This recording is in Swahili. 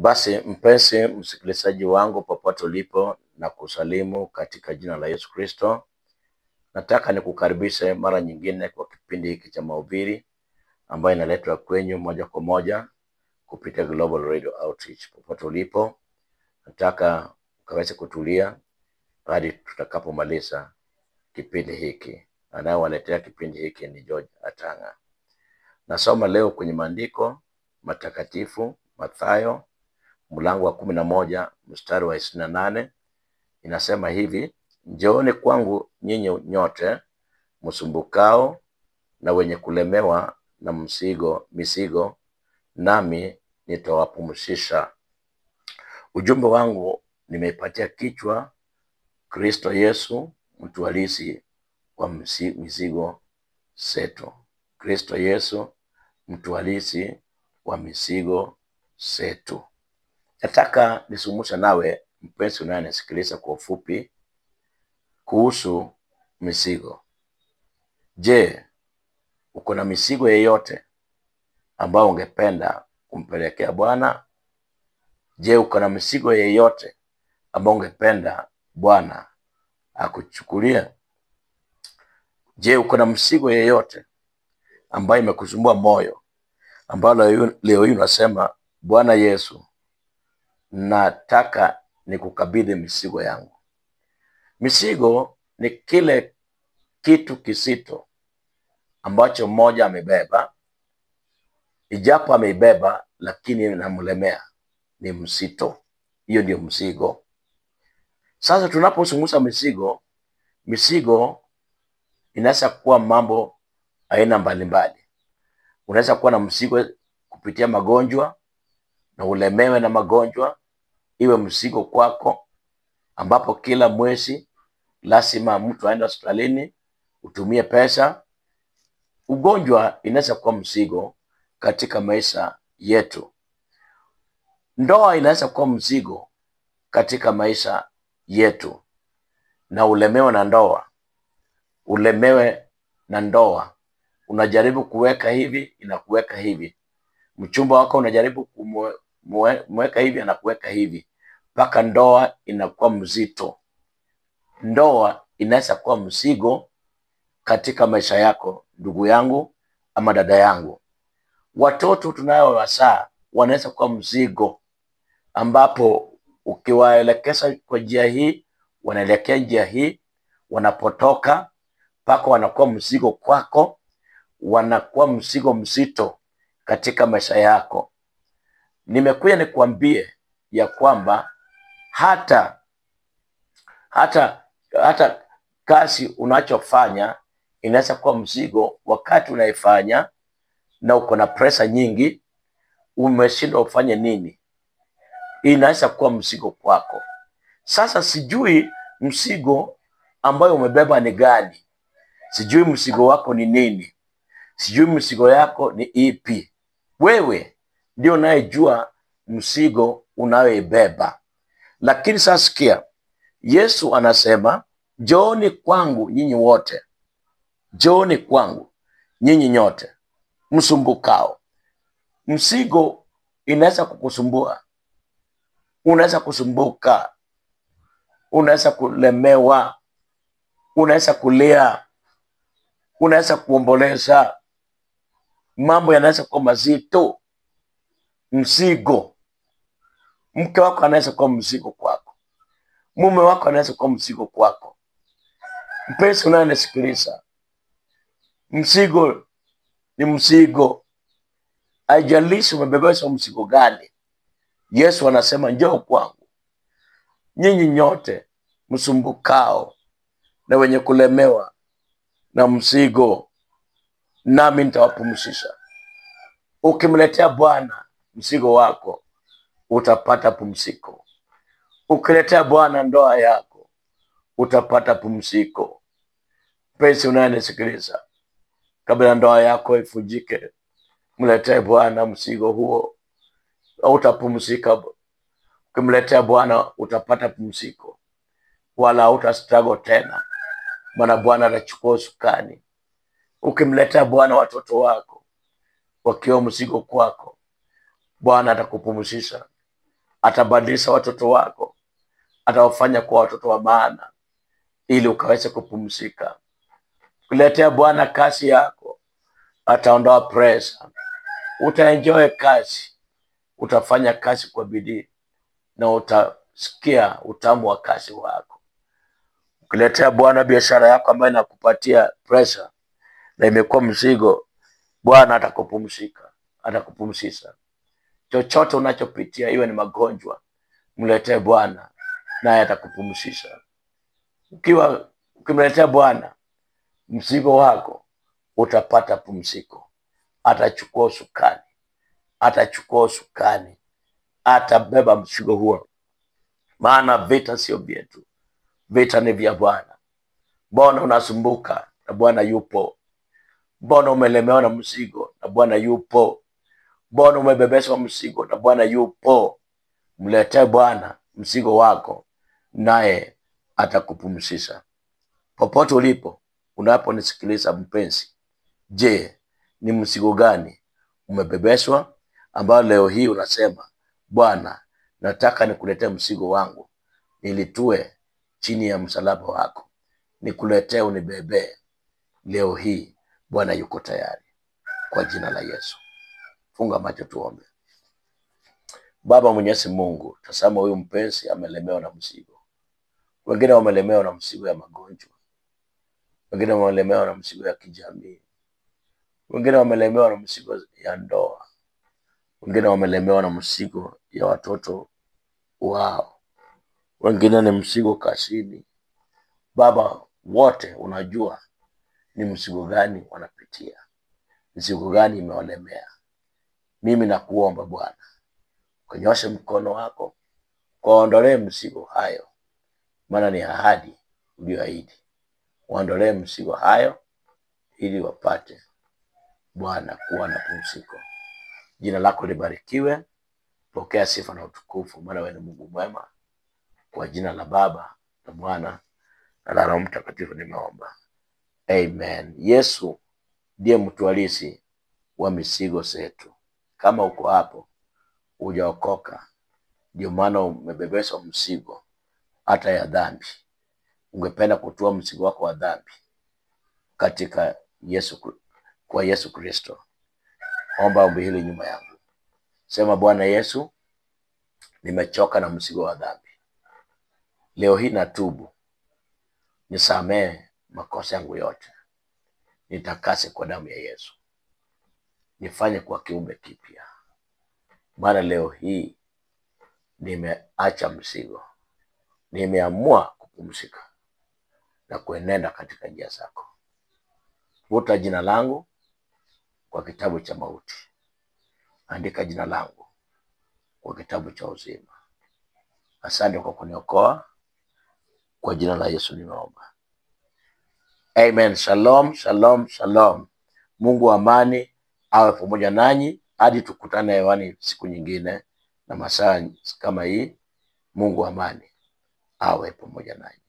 Basi mpenzi msikilizaji wangu, popote ulipo, na kusalimu katika jina la Yesu Kristo. Nataka nikukaribishe mara nyingine kwa kipindi hiki cha mahubiri ambayo inaletwa kwenyu moja kwa moja kupitia Global Radio Outreach. Popote ulipo, nataka ukaweze kutulia hadi tutakapomaliza kipindi hiki. Anayewaletea kipindi hiki ni George Atanga. Nasoma leo kwenye maandiko matakatifu Mathayo mlango wa kumi na moja mstari wa ishirini na nane inasema hivi: njooni kwangu nyinyi nyote msumbukao na wenye kulemewa na msigo, misigo nami nitawapumzisha. Ujumbe wangu nimeipatia kichwa Kristo Yesu mtu halisi wa mizigo zetu. Kristo Yesu mtu halisi wa mizigo zetu. Nataka nisumusha nawe mpenzi unayenisikiliza kwa ufupi kuhusu misigo. Je, uko na misigo yeyote ambayo ungependa kumpelekea Bwana? Je, uko na mizigo yeyote ambayo ungependa Bwana akuchukulia? Je, uko na msigo yeyote ambayo imekusumbua moyo, ambayo leo hii unasema Bwana Yesu nataka nikukabidhi mizigo yangu. Mizigo ni kile kitu kisito ambacho mmoja amebeba, ijapo ameibeba, lakini namlemea, ni mzito. Hiyo ndio mzigo. Sasa tunapozungumza mizigo, mizigo inaweza kuwa mambo aina mbalimbali. Unaweza kuwa na mzigo kupitia magonjwa na ulemewe na magonjwa iwe mzigo kwako, ambapo kila mwezi lazima mtu aende hospitalini utumie pesa. Ugonjwa inaweza kuwa mzigo katika maisha yetu. Ndoa inaweza kuwa mzigo katika maisha yetu, na ulemewe na ndoa, ulemewe na ndoa. Unajaribu kuweka hivi, inakuweka hivi. Mchumba wako unajaribu kumweka hivi, anakuweka hivi mpaka ndoa inakuwa mzito. Ndoa inaweza kuwa mzigo katika maisha yako, ndugu yangu ama dada yangu. Watoto wasaa wanaweza kuwa mzigo, ambapo ukiwaelekeza kwa njia hii, wanaelekea njia hii, wanapotoka mpaka wanakuwa mzigo kwako, wanakuwa mzigo mzito katika maisha yako. Nimekuja nikuambie ya kwamba hata hata hata kazi unachofanya inaweza kuwa mzigo wakati unaifanya na uko na presa nyingi, umeshindwa ufanye nini, inaweza kuwa mzigo kwako. Sasa sijui mzigo ambayo umebeba ni gani, sijui mzigo wako ni nini, sijui mzigo yako ni ipi. Wewe ndio unayejua mzigo unayoibeba. Lakini sasa sikia, Yesu anasema njooni kwangu nyinyi wote, njooni kwangu nyinyi nyote msumbukao. Msigo inaweza kukusumbua, unaweza kusumbuka, unaweza kulemewa, unaweza kulia, unaweza kuomboleza, mambo yanaweza kuwa mazito. Msigo Mke wako anaweza kuwa mzigo kwako, mume wako anaweza kuwa mzigo kwako. Mpenzi unayenisikiliza, mzigo ni mzigo, haijalishi umebebeshwa mzigo gani. Yesu anasema njoo kwangu nyinyi nyote msumbukao na wenye kulemewa na mzigo, nami nitawapumzisha. Ukimletea Bwana mzigo wako utapata pumziko. Ukiletea Bwana ndoa yako utapata pumziko. Mpenzi unayenisikiliza, kabla ndoa yako ifujike, mletee Bwana mzigo huo, utapumzika. Ukimletea Bwana utapata pumziko, wala autastago tena, maana Bwana atachukua usukani. Ukimletea Bwana watoto wako wakiwa mzigo kwako, Bwana atakupumzisha atabadilisha watoto wako, atawafanya kuwa watoto wa maana, ili ukaweze kupumzika. Kuletea Bwana kazi yako, ataondoa presa, utaenjoy kazi, utafanya kazi kwa bidii na utasikia utamu wa kazi wako. Ukiletea Bwana biashara yako ambayo inakupatia presa na imekuwa mzigo, Bwana atakupumzika, atakupumzisha. Chochote unachopitia iwe ni magonjwa, mletee Bwana naye atakupumzisha. Ukiwa ukimletea Bwana mzigo wako, utapata pumziko. Atachukua usukani, atachukua usukani, atabeba mzigo huo, maana vita sio vyetu, vita ni vya Bwana. Mbona unasumbuka? Na Bwana yupo. Mbona umelemewa na mzigo? Na Bwana yupo. Bwana umebebeshwa mzigo na Bwana yupo. Mletee Bwana mzigo wako, naye atakupumzisha popote ulipo. Unaponisikiliza mpenzi, je, ni mzigo gani umebebeshwa ambayo leo hii unasema Bwana, nataka nikuletee mzigo wangu, nilitue chini ya msalaba wako, nikuletee, unibebee leo hii. Bwana yuko tayari, kwa jina la Yesu. Funga macho tuombe. Baba Mwenyezi Mungu, tazama huyu mpenzi amelemewa na mzigo. Wengine wamelemewa na mzigo ya magonjwa, wengine wamelemewa na mzigo ya kijamii, wengine wamelemewa na mzigo ya ndoa, wengine wamelemewa na mzigo ya watoto wao, wengine ni mzigo kazini. Baba, wote unajua ni mzigo gani wanapitia, mzigo gani imewalemea mimi nakuomba Bwana, kunyoshe mkono wako, kuondolee msigo hayo, maana ni ahadi uliyoahidi. Waondolee msigo hayo, ili wapate Bwana kuwa na pumziko. Jina lako libarikiwe, pokea sifa na utukufu, maana wewe ni Mungu mwema. Kwa jina la Baba na Mwana na la Roho Mtakatifu nimeomba, amen. Yesu ndiye mtu halisi wa mizigo zetu. Kama uko hapo hujaokoka, ndio maana umebebeshwa mzigo hata ya dhambi, ungependa kutoa mzigo wako wa dhambi katika Yesu, kwa Yesu Kristo, omba ombi hili nyuma yangu. Sema, Bwana Yesu, nimechoka na mzigo wa dhambi. Leo hii natubu, nisamee makosa yangu yote, nitakase kwa damu ya Yesu nifanye kwa kiumbe kipya. Bwana, leo hii nimeacha mzigo, nimeamua kupumzika na kuenenda katika njia zako. Futa jina langu kwa kitabu cha mauti, andika jina langu kwa kitabu cha uzima. Asante kwa kuniokoa, kwa jina la Yesu nimeomba, amen. Shalom, shalom, shalom. Mungu wa amani awe pamoja nanyi hadi tukutane hewani siku nyingine na masaa kama hii. Mungu amani awe pamoja nanyi.